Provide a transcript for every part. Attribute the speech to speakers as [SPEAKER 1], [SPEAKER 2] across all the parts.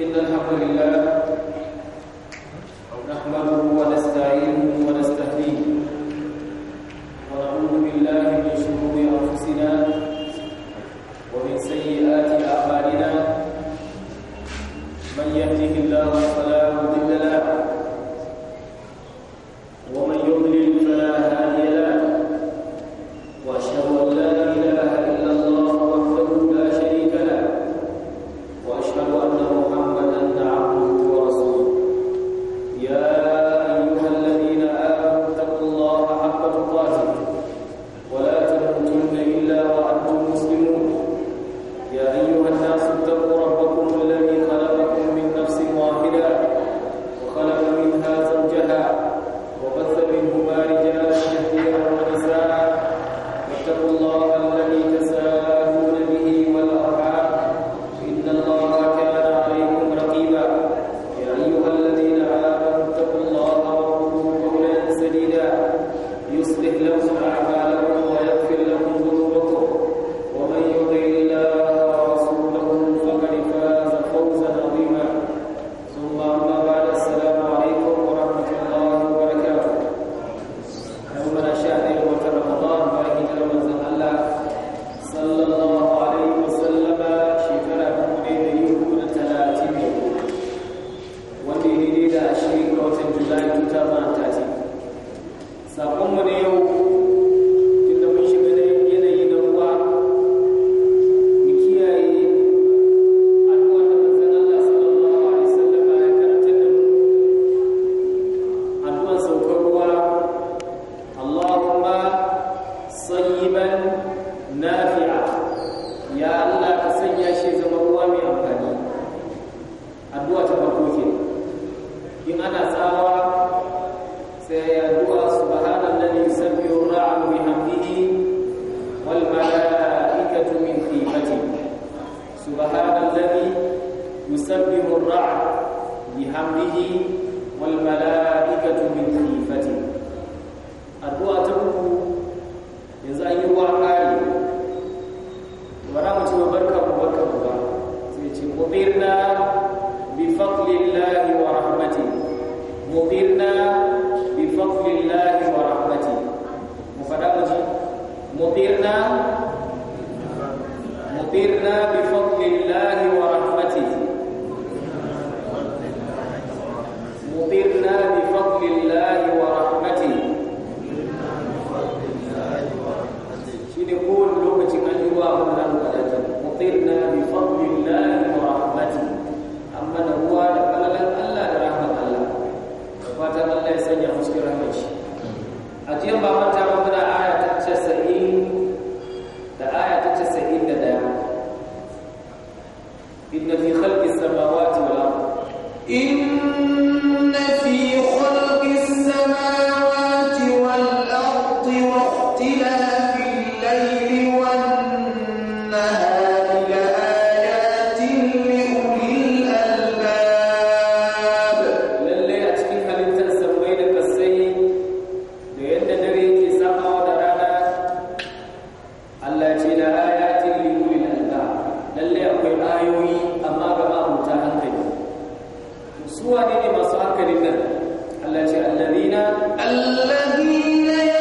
[SPEAKER 1] إن الحمد لله نحمده وهذا الذي يسبح الرعد بحمده والملائكة من خيفته الرعد سوى دين ما صار كلمة الذين
[SPEAKER 2] الذين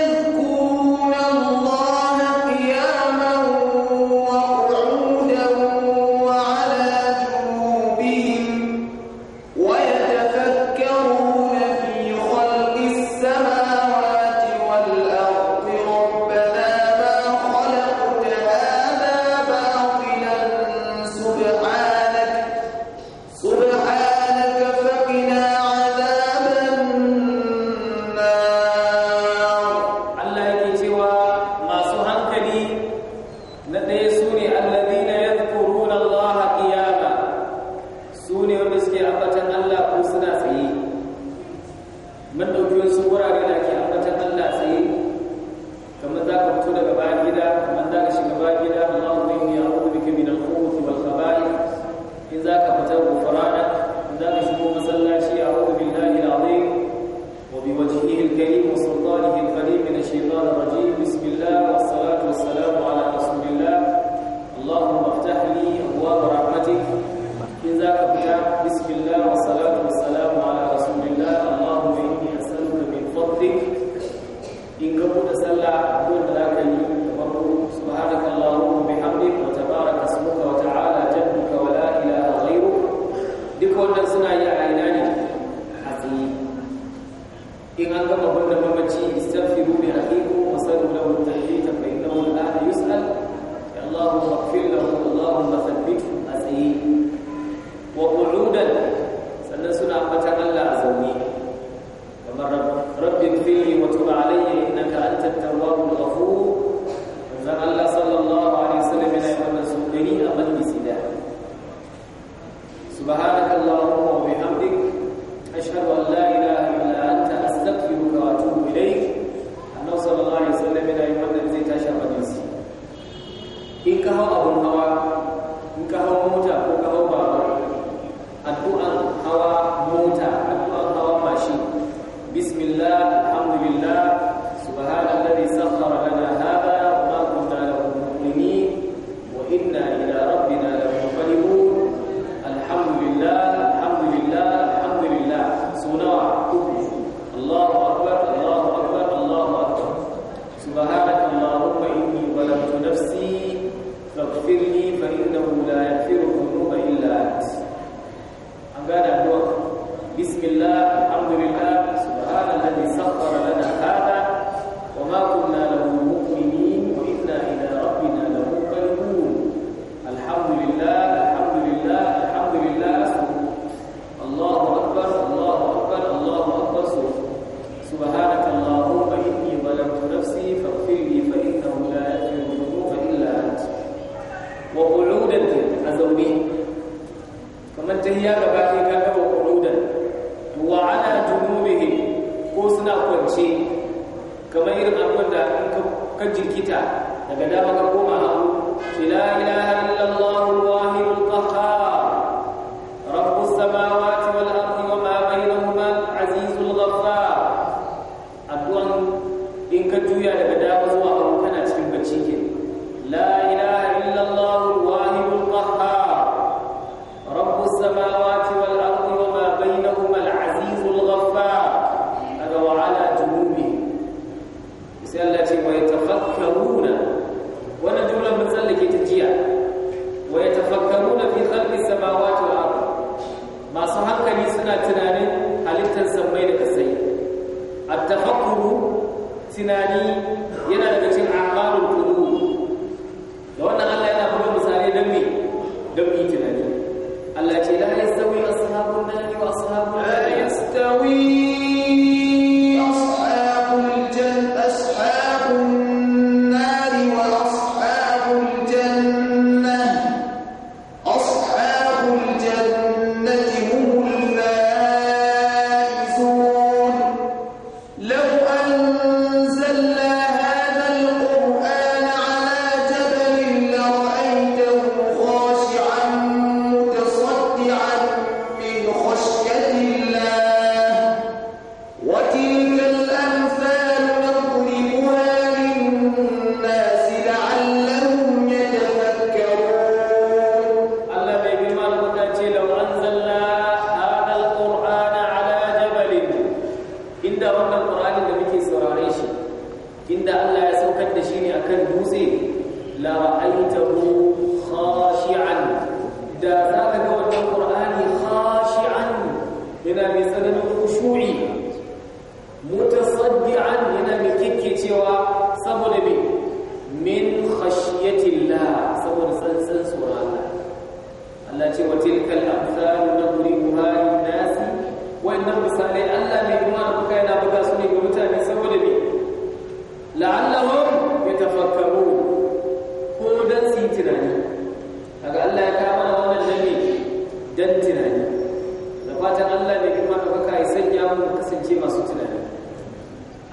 [SPEAKER 1] kasance masu tunani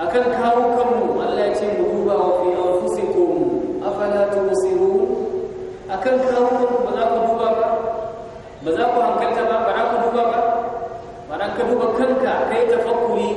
[SPEAKER 1] kan kawo kanmu Allah ya ce mu duba wa fi anfusikum
[SPEAKER 2] afala a kan kawo kanmu ba za ku duba ba ba za ku hankalta ba ba za ku duba ba ba za ka duba kanka kai tafakkuri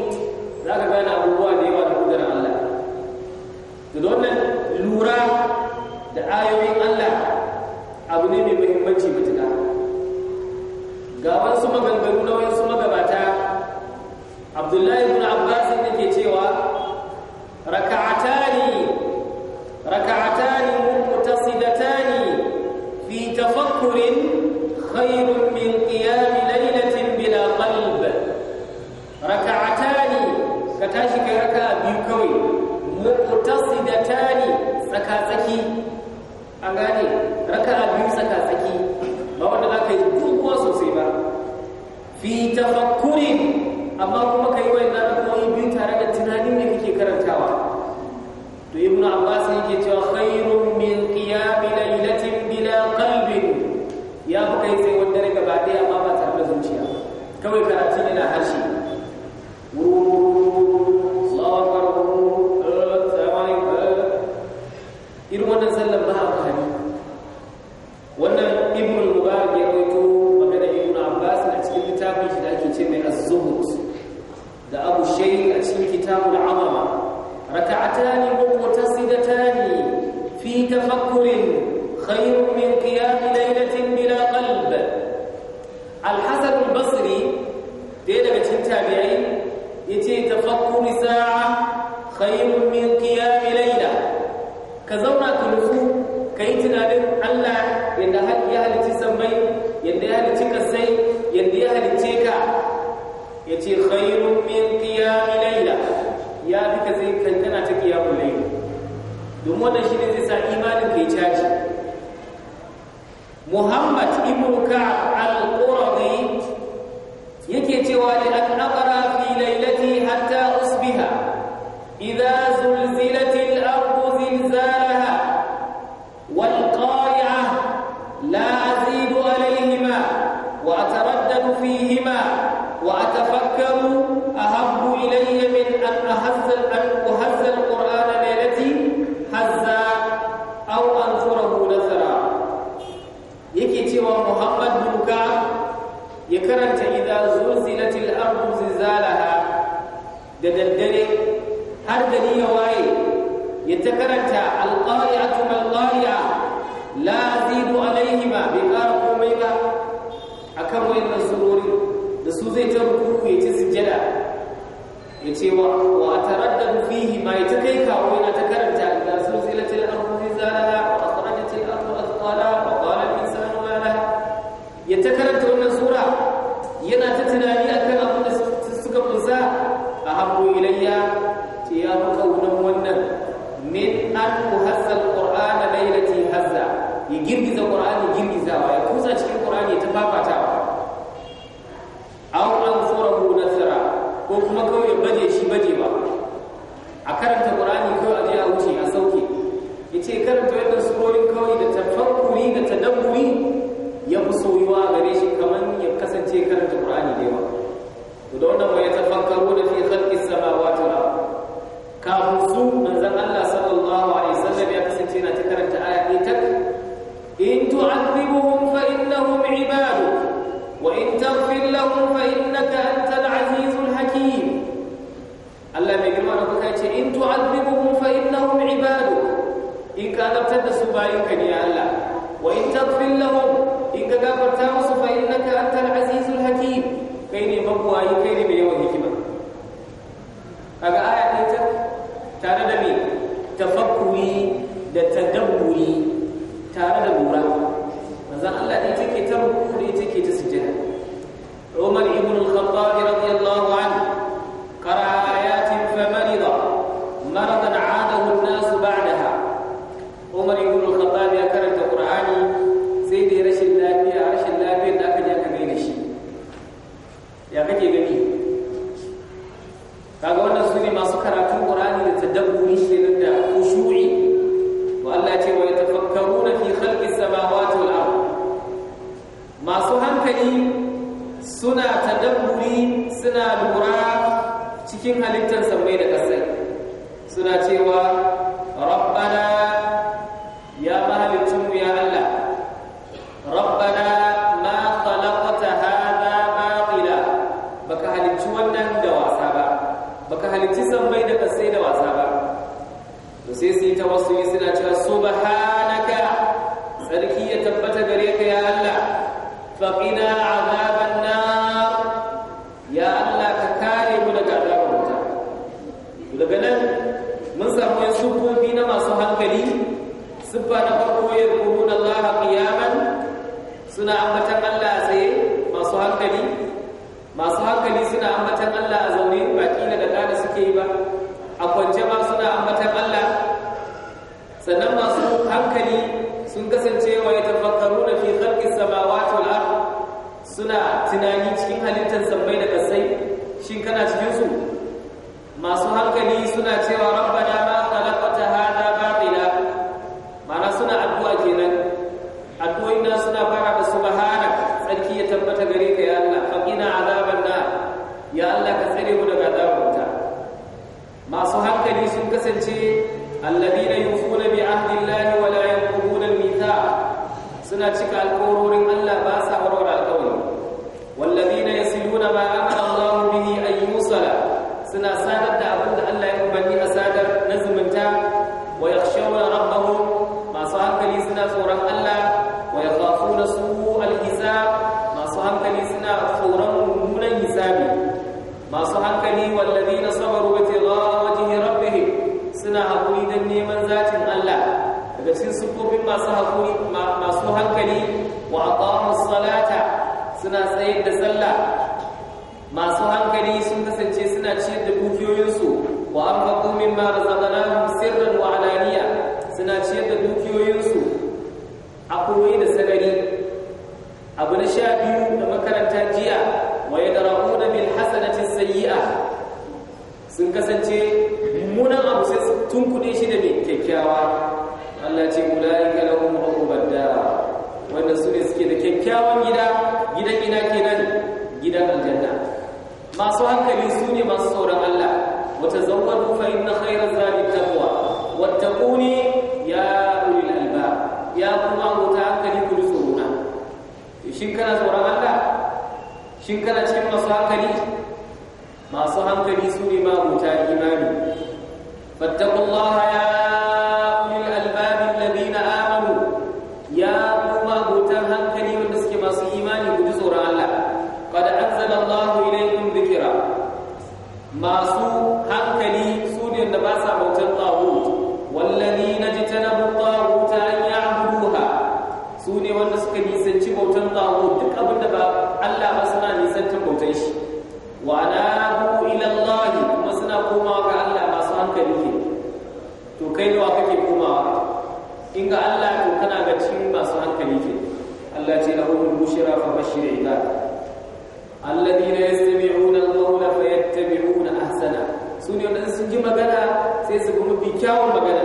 [SPEAKER 1] qiyam layla ka zauna ka nufu
[SPEAKER 2] ka yi tunanin Allah yadda ya halicci sammai
[SPEAKER 1] yadda ya halicci kasai yadda ya halicce ka yace khairun min qiyam layla ya fi ka sai kankana ta qiyam layla domin wannan shine zai sa imanin kai caji Muhammad ibn Ka'ab al yake cewa li an aqra fi laylati hatta usbiha idza ta karanta alqari'atu malqari'a la azidu ba bai ƙara komai ba a kan wayannan surori da su zai ta rukuku ya ci sujjada ya ce wa wa ataraddadu fihi ma ya ta kai kawo yana ta karanta da sulzilatil ardu zilzalaha a akhrajatil ardu athqalaha wa qala al insanu ma laha ya ta karanta wannan sura yana ta tunani تسخرون في siffa na farko yarkurun Allah qiyaman suna ambatan Allah tsaye masu hankali masu hankali suna ambatan Allah a zaune ba kila da kada suke yi ba a kwance ma suna ambatan Allah sannan masu hankali sun kasance shin kana cikin masu hankali masu hankali su ne ma imani fattakullaha التي لهم البشرى فبشر عباد الذين يستمعون القول فيتبعون احسنه سوني wannan sun ji magana sai su bi kyawun magana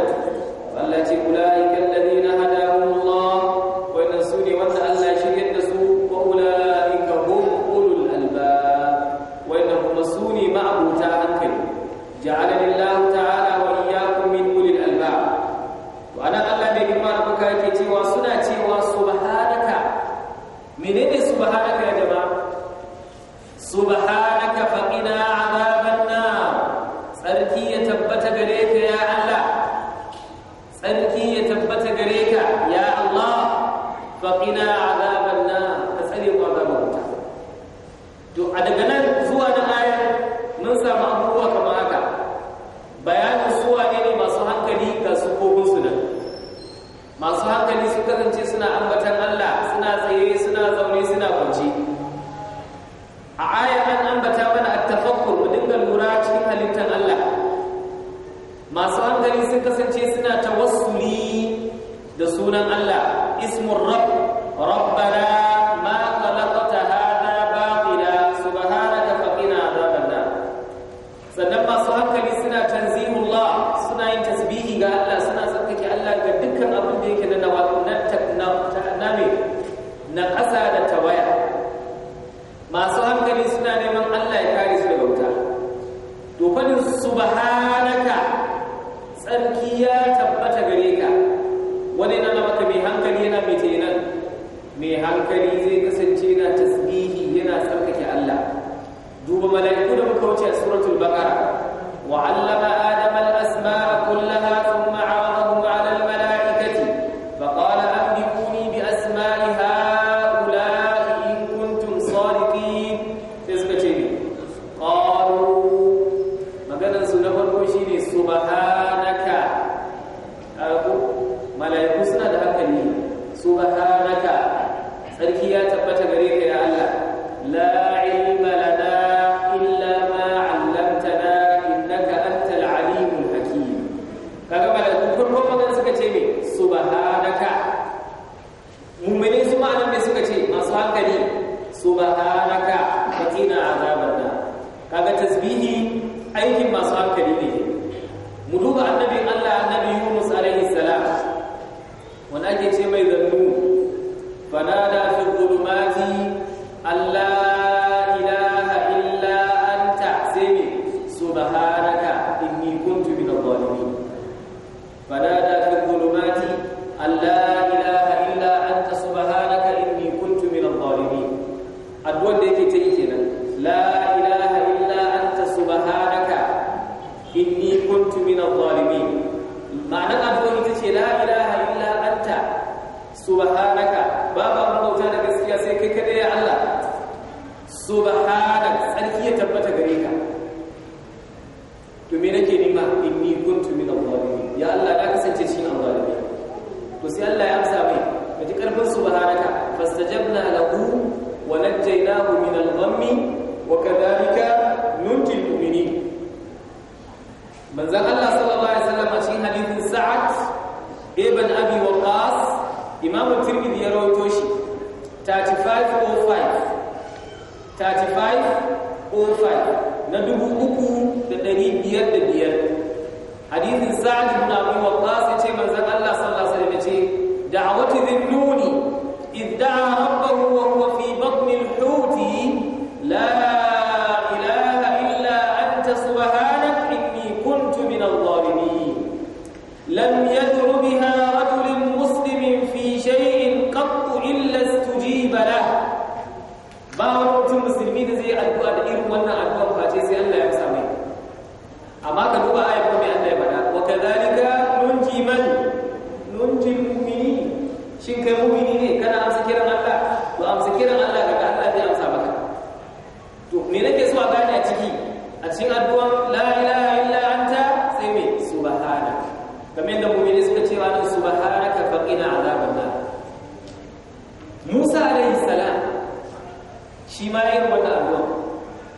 [SPEAKER 1] ma irin wannan addu'a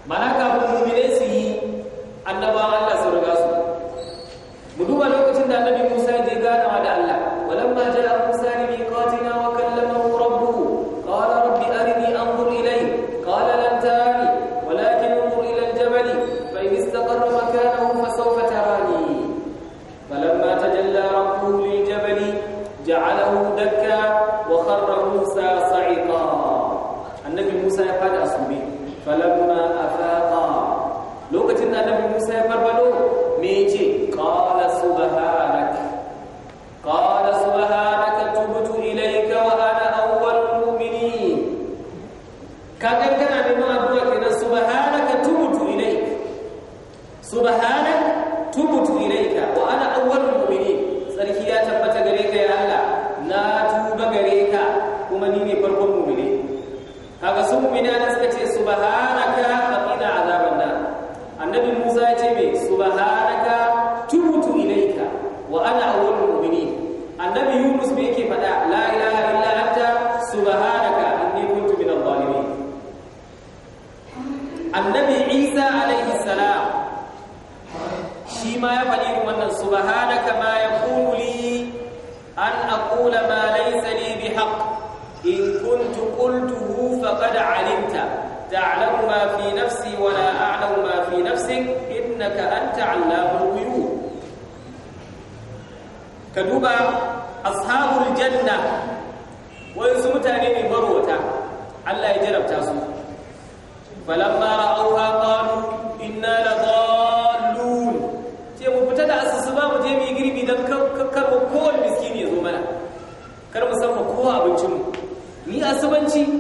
[SPEAKER 1] mana kafin mu'minai su yi annabawan Allah authority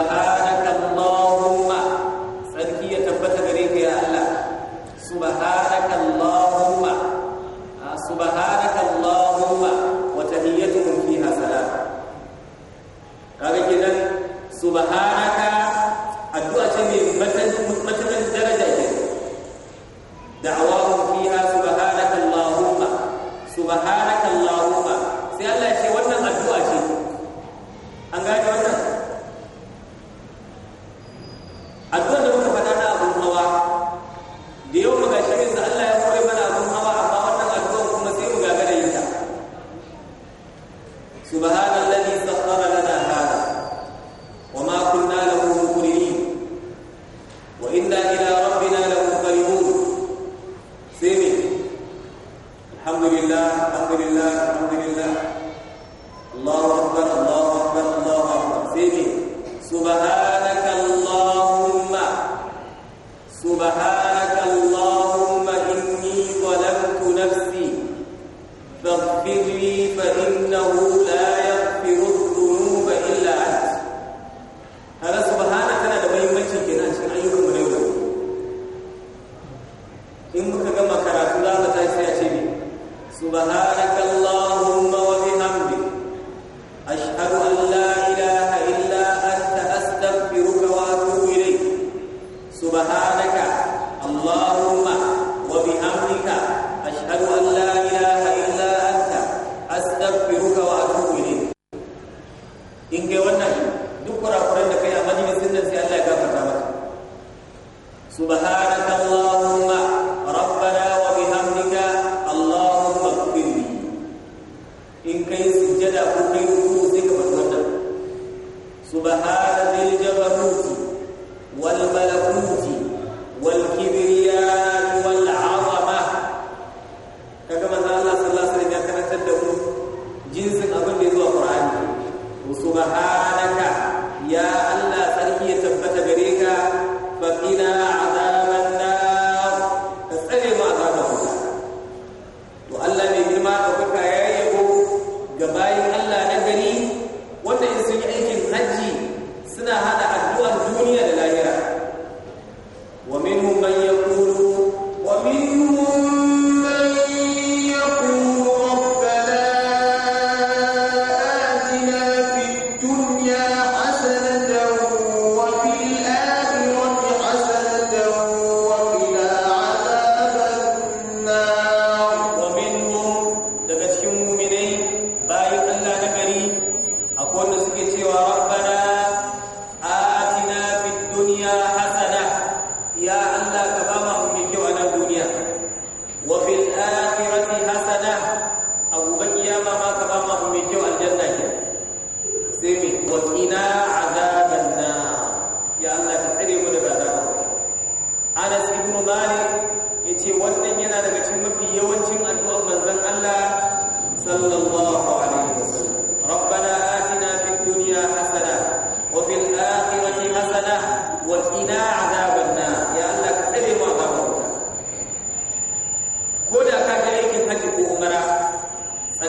[SPEAKER 1] الأمهات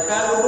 [SPEAKER 1] cada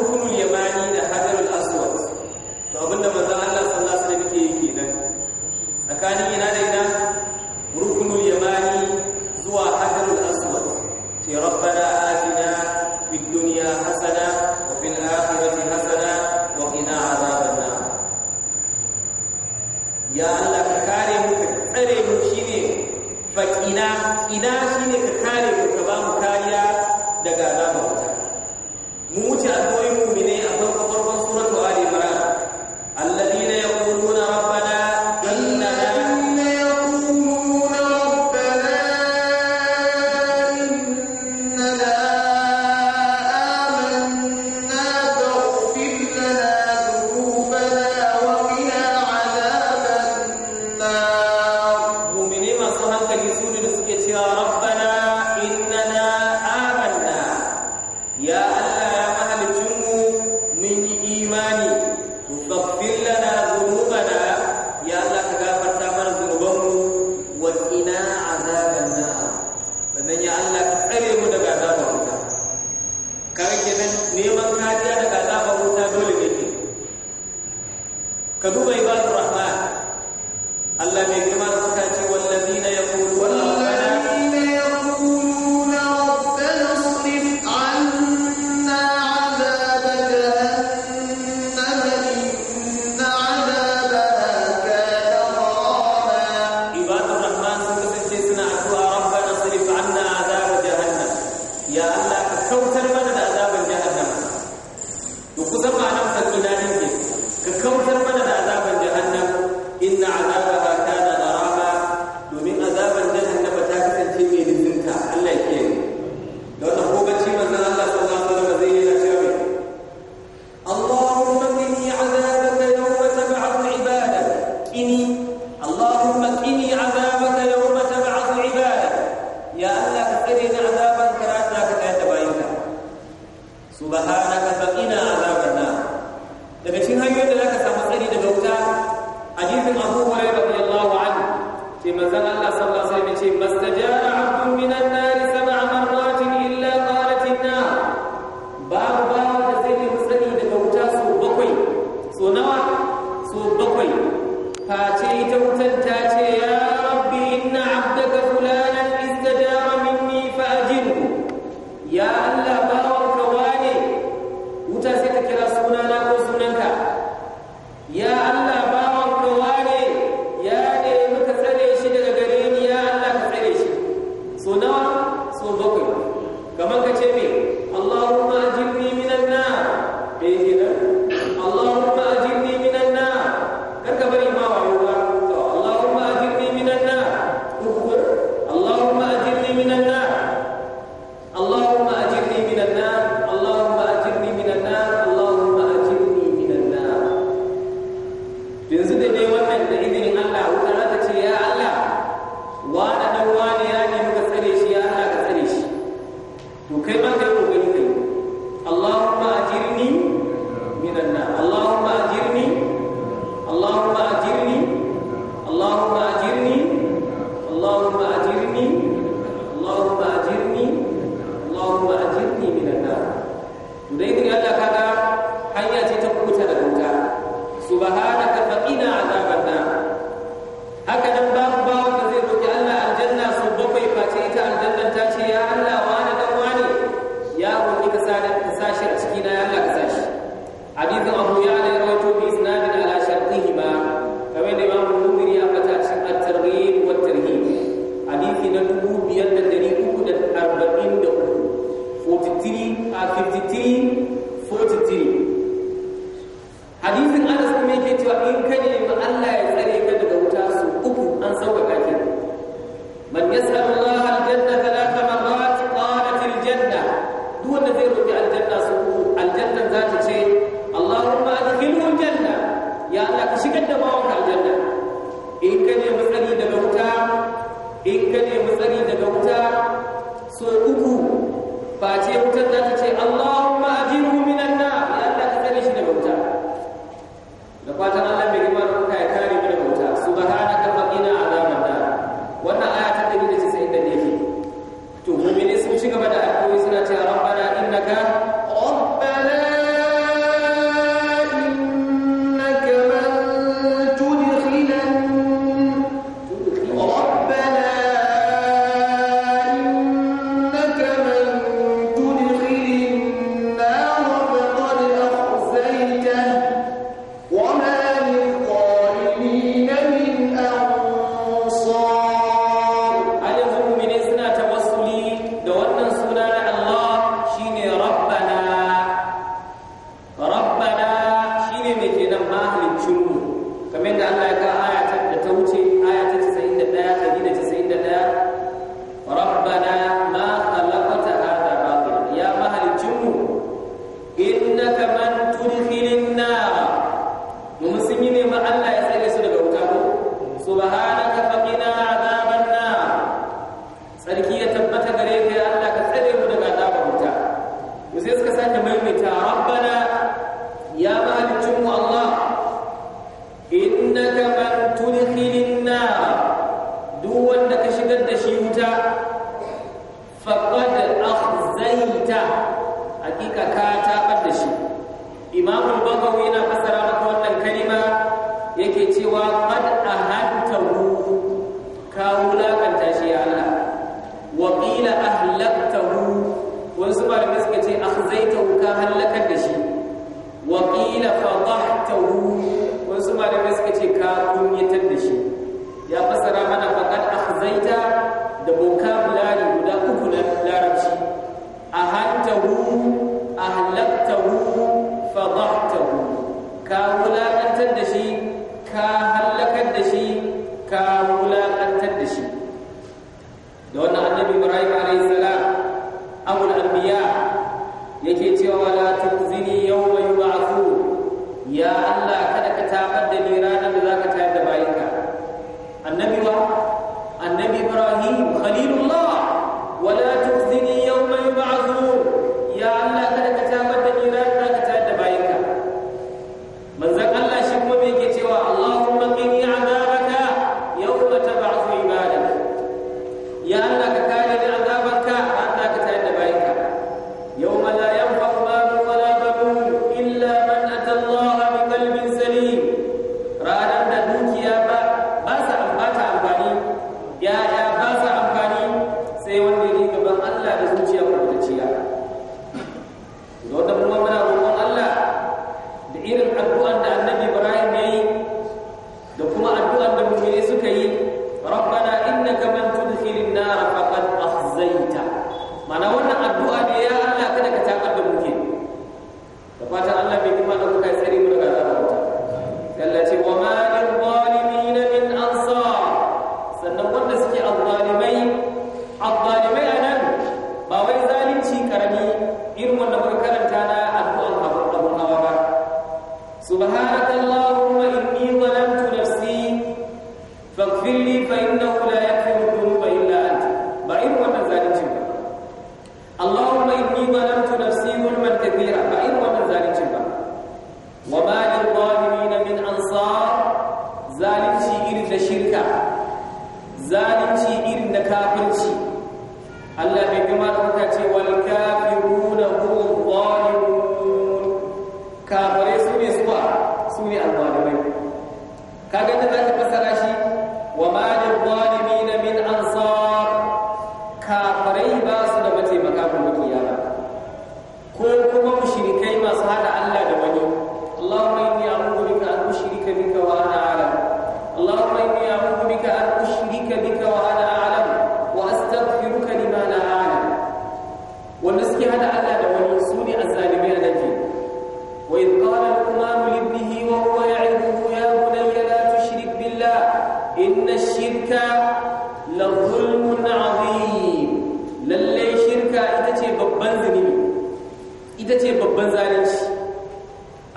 [SPEAKER 1] babban zalunci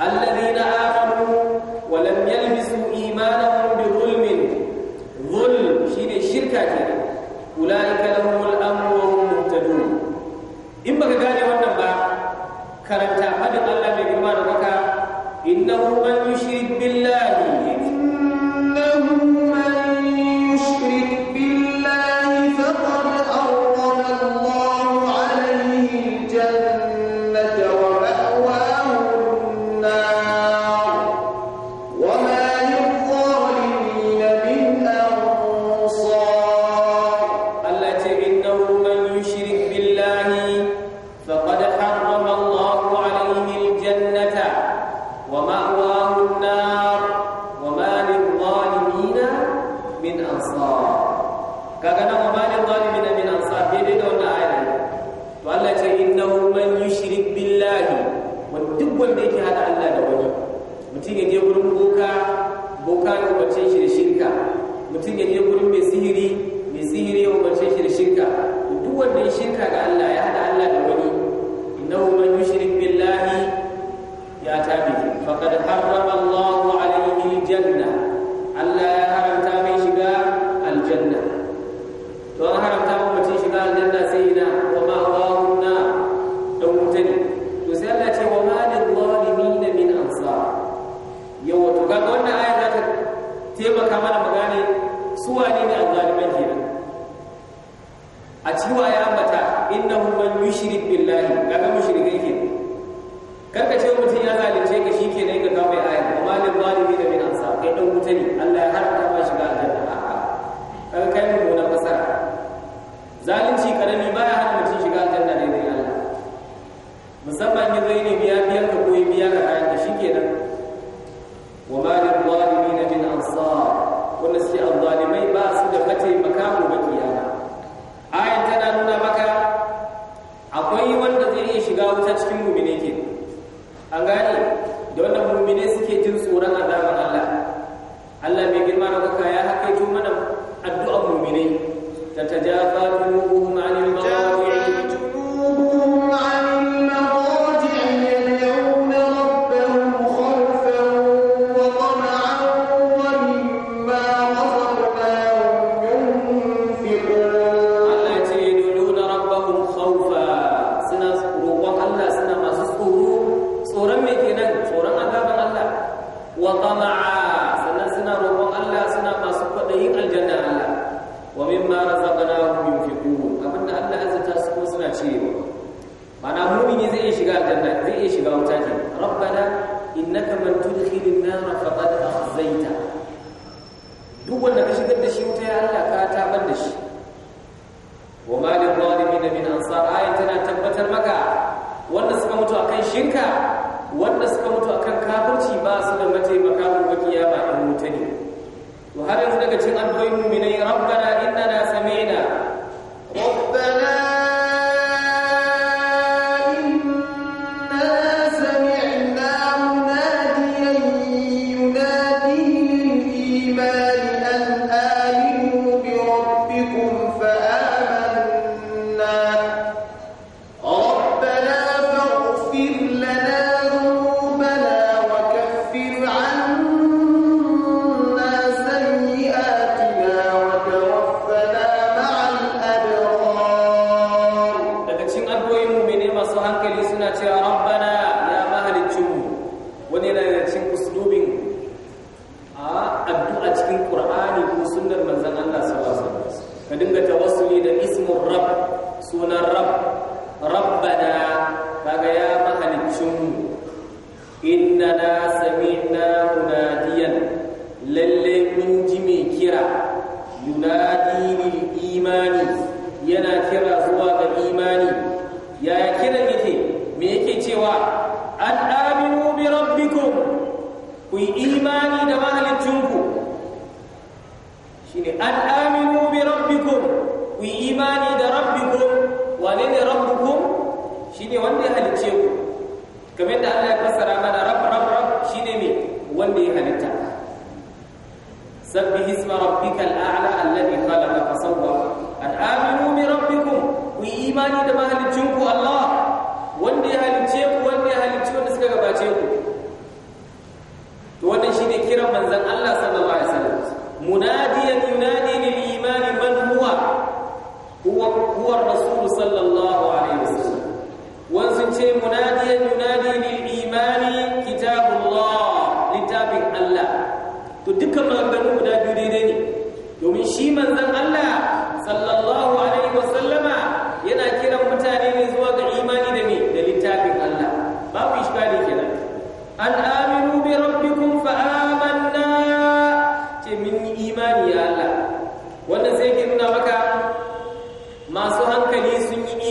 [SPEAKER 1] alladhina amanu wa lam yalbisu imanahum bi zulmin zulm shine shirka kenan ulaika lahumul amru wa hum muhtadun in baka gane wannan ba karanta hadin Allah mai girma da baka
[SPEAKER 3] innahu man yushrik billahi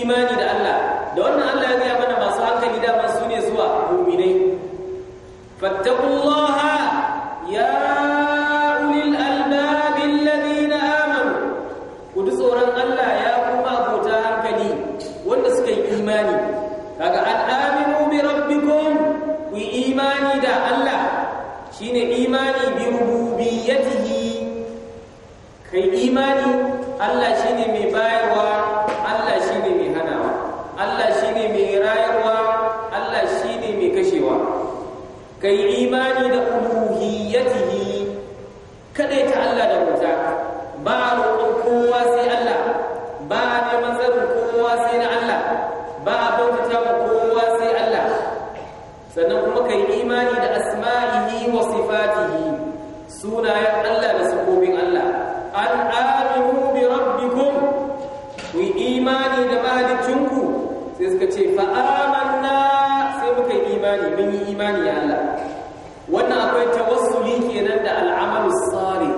[SPEAKER 2] imani da Allah da wannan Allah ya gaya mana masu hankali dama su ne zuwa
[SPEAKER 1] mu'minai fattaqullaha ya ulil albab alladhina amanu ku tsoron Allah ya kuma abota hankali wanda suka yi imani kaga an aminu bi rabbikum ku yi imani da Allah shine imani bi rububiyyatihi kai imani Allah shine mai bayar kai imani da uluhiyatihi kadai ta Allah da wuta ba roƙon kowa sai Allah ba neman zarin kowa sai na Allah ba a bautata kowa sai Allah sannan kuma kai imani da asma'ihi wa sifatihi sunayen Allah da sukobin Allah an aminu bi rabbikum ku imani da mahalicinku sai suka ce fa'a kenan da al'amalu tsari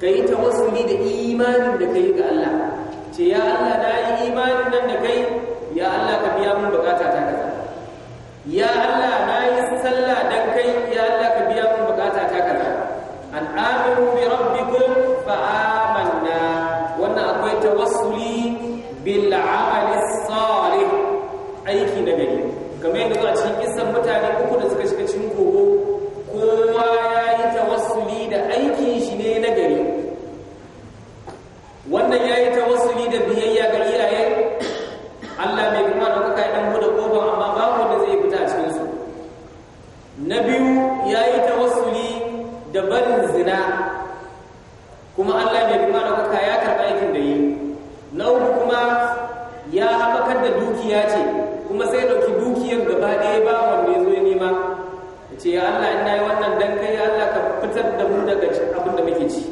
[SPEAKER 1] ka yi tawassuli da imanin da ka yi ga Allah ce ya Allah na yi imanin nan da kai ya Allah ka biya mun bukata ta kaza ya Allah kuma Allah mai kuma ɗaukaka ya karɓi aikin da yi na uku kuma ya haɓakar da dukiya ce kuma sai dauki dukiyar gaba ɗaya ba wanda ya zo nema ya ce ya Allah ina yi wannan dan kai Allah ka fitar da mu daga abin da muke ci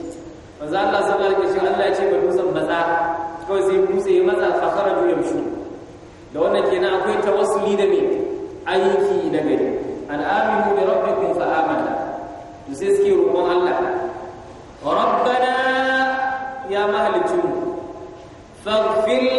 [SPEAKER 1] manzo Allah sallallahu alaihi wasallam Allah ya ce ba dusan matsa kawai sai dutse ya matsa fa kharaju yamshu da wannan kenan akwai tawassuli da me aiki na gari an aminu bi rabbikum fa amana to sai suke roƙon Allah فاغفر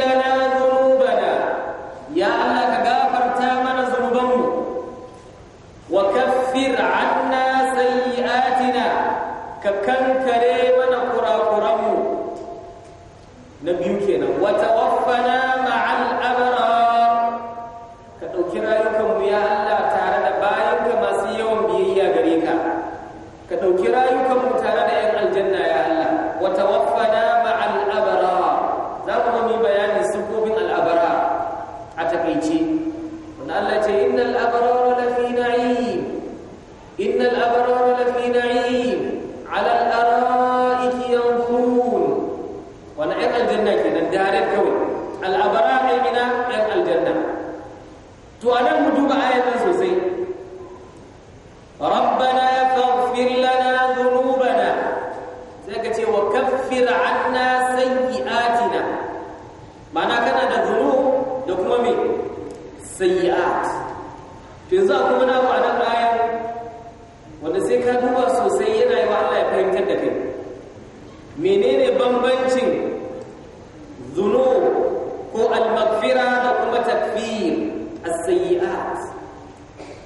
[SPEAKER 1] الحق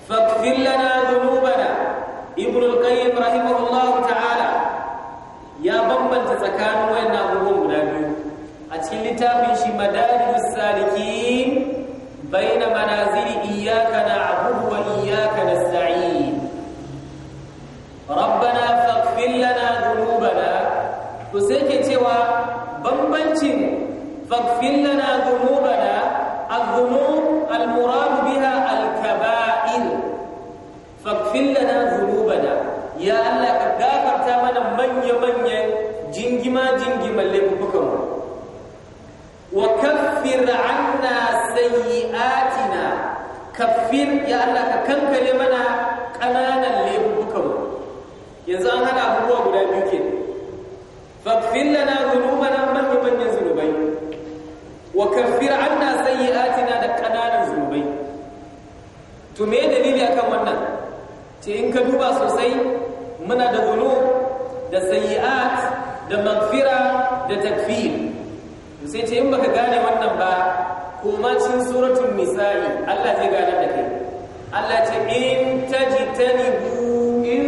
[SPEAKER 1] فاغفر لنا ذنوبنا ابن القيم رحمه الله تعالى يا بمبنت تسكان وين أبوهم نبي أتشل تابي شي مدارج السالكين بين منازل إياك نعبد وإياك نستعين ربنا فاغفر لنا ذنوبنا تسيكي تيوا بمبنت فاغفر لنا ذنوبنا الذنوب المراد بها الكبائر فاغفر لنا ذنوبنا يا الله كغفرت منا منيا منيا جنجما جنجما لبكم وكفر عنا سيئاتنا كفر يا الله ككنكل منا قنانا لبكم yanzu an hada abubuwa guda biyu ke faghfir lana dhunubana man yamanyan zunubai wa kaffir anna sayyi'atina da kananan zunubai to me dalili akan wannan ce in ka duba sosai
[SPEAKER 2] muna da zunub
[SPEAKER 1] da sayyi'at da magfira da takfir sai ce in baka gane wannan ba kuma cin suratul misali. Allah zai gane da kai Allah ce in tajtanibu in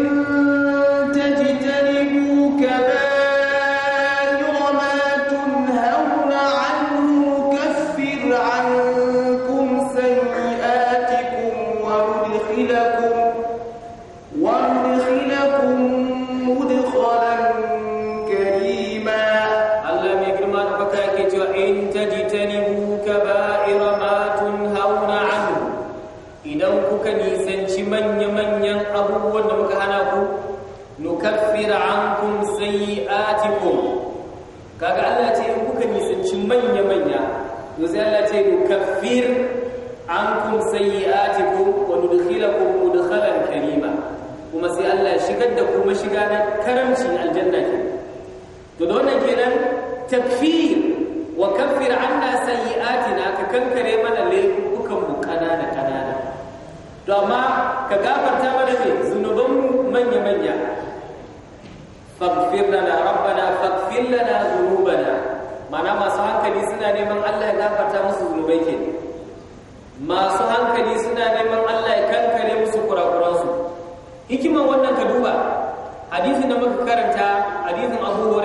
[SPEAKER 1] Allah ce in kuka nisanci manya-manya to sai Allah ce ku kafir an kun sayyi'atikum wa nudkhilakum mudkhalan karima kuma sai Allah shigar da kuma shiga na karamci aljanna ke to da wannan kenan takfir wa kafir an kaffir anna sayyi'atina ka kankare mana laifukan mu kanana kanana to amma ka gafarta mana ne zunuban manya-manya faghfir lana rabbana faghfir lana dhunubana suna neman Allah ya gafarta musu zunubai ke masu hankali suna neman Allah ya kankare musu kurakuransu hikiman wannan ka duba hadisi na muka karanta hadisin abubuwa.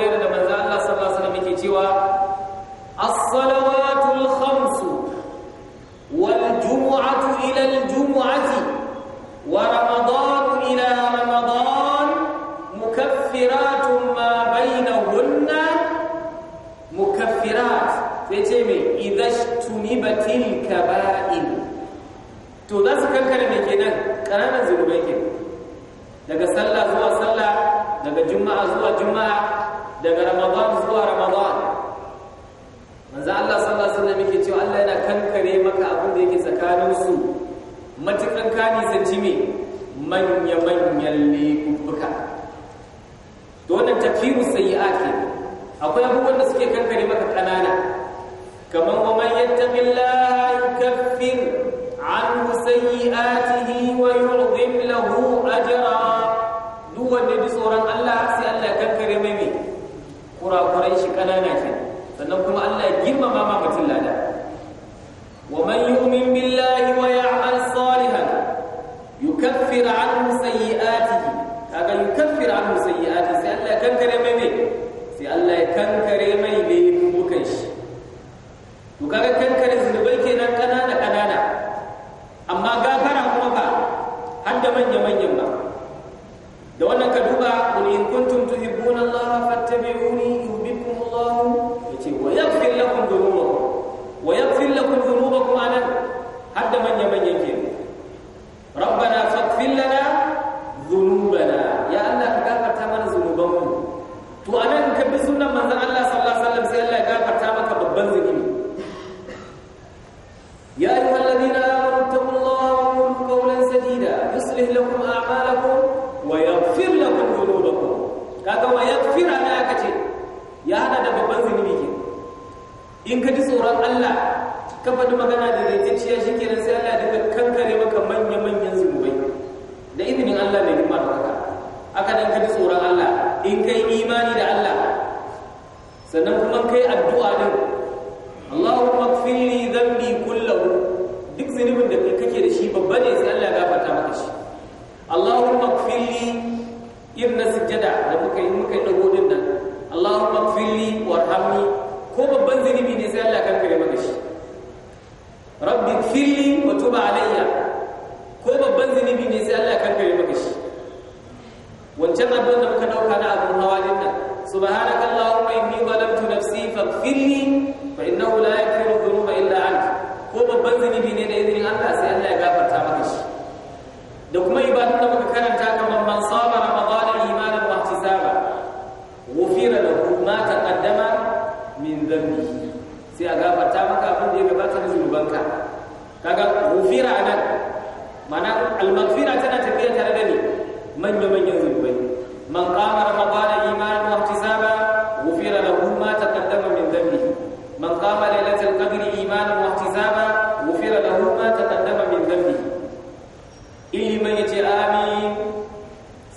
[SPEAKER 1] kananan zunubai ke daga sallah zuwa sallah daga juma'a zuwa juma'a daga ramadan zuwa ramadan manzo Allah sallallahu alaihi wasallam yake cewa Allah yana kankare maka abin da yake tsakanin su matukan kani zanci me manya manyan lekubbuka to wannan takfiru sayyi'at ke akwai abubuwan da suke kankare maka kanana kaman wa man yattaqillaha yukaffir عن سيئاته ويعظم له اجرا دو wanda bi tsoron Allah sai Allah ya kankare mai me kurakurai shi kanana ke sannan kuma Allah girmama ma mutum lada wa man yu'min billahi wa ya'mal salihan yukaffir 'anhu sayyi'atihi kaga gufira nan
[SPEAKER 2] mana al-maghfira tana tafiya tare da ni
[SPEAKER 1] manyan manyan zunubai man qama ramadana imanan wa ihtisaba gufira lahu ma taqaddama min dhanbihi man qama lailatul qadri imanan wa ihtisaba gufira lahu ma taqaddama min dhanbihi in man yace amin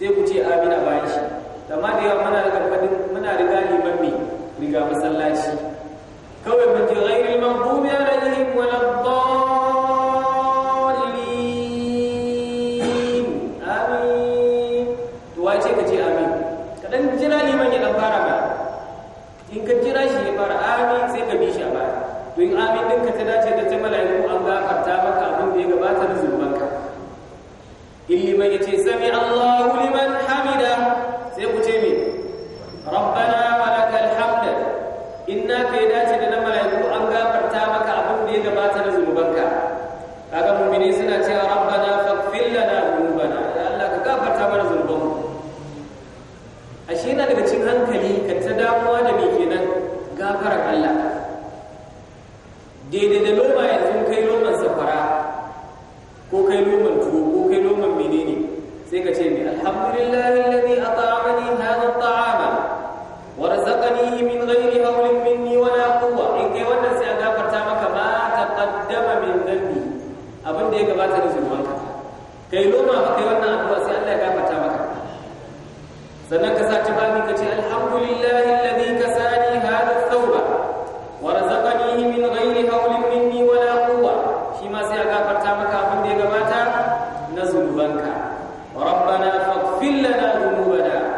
[SPEAKER 1] sai ku ce amin a bayan shi amma da yawa muna riga muna riga liman riga masallaci